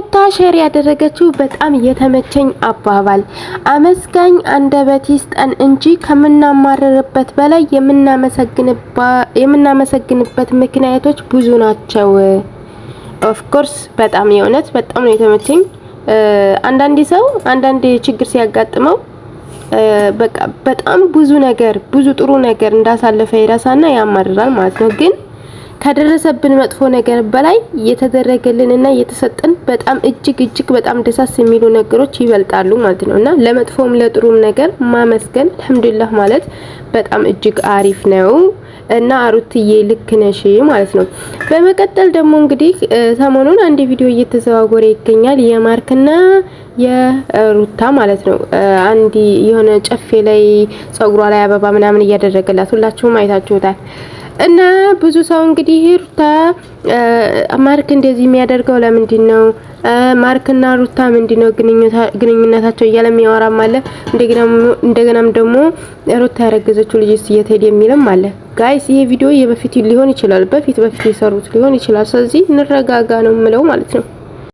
ሩታ ሼር ያደረገችው በጣም የተመቸኝ አባባል አመስጋኝ አንደበት ይስጠን እንጂ ከምናማረርበት በላይ የምናመሰግንበት ምክንያቶች ብዙ ናቸው። ኦፍ ኮርስ በጣም የእውነት በጣም ነው የተመቸኝ። አንዳንድ ሰው አንዳንድ ችግር ሲያጋጥመው በቃ በጣም ብዙ ነገር ብዙ ጥሩ ነገር እንዳሳለፈ ይረሳና ያማርራል ማለት ነው ግን ከደረሰብን መጥፎ ነገር በላይ የተደረገልንና የተሰጠን በጣም እጅግ እጅግ በጣም ደሳስ የሚሉ ነገሮች ይበልጣሉ ማለት ነው እና ለመጥፎም ለጥሩም ነገር ማመስገን አልሐምዱሊላህ ማለት በጣም እጅግ አሪፍ ነው እና አሩትዬ ልክ ነሽ ማለት ነው። በመቀጠል ደግሞ እንግዲህ ሰሞኑን አንድ ቪዲዮ እየተዘዋወረ ይገኛል የማርክና የሩታ ማለት ነው። አንድ የሆነ ጨፌ ላይ ጸጉሯ ላይ አበባ ምናምን እያደረገላት ሁላችሁም አይታችሁታል። እና ብዙ ሰው እንግዲህ ሩታ ማርክ እንደዚህ የሚያደርገው ለምንድን ነው? ማርክና ሩታ ምንድን ነው ግንኙነታቸው እያለ የሚያወራም አለ። እንደገናም ደግሞ ሩታ ያረገዘችው ልጅ እየተሄድ የሚልም አለ። ጋይስ ይሄ ቪዲዮ የበፊት ሊሆን ይችላል፣ በፊት በፊት የሰሩት ሊሆን ይችላል። ስለዚህ እንረጋጋ ነው የምለው ማለት ነው።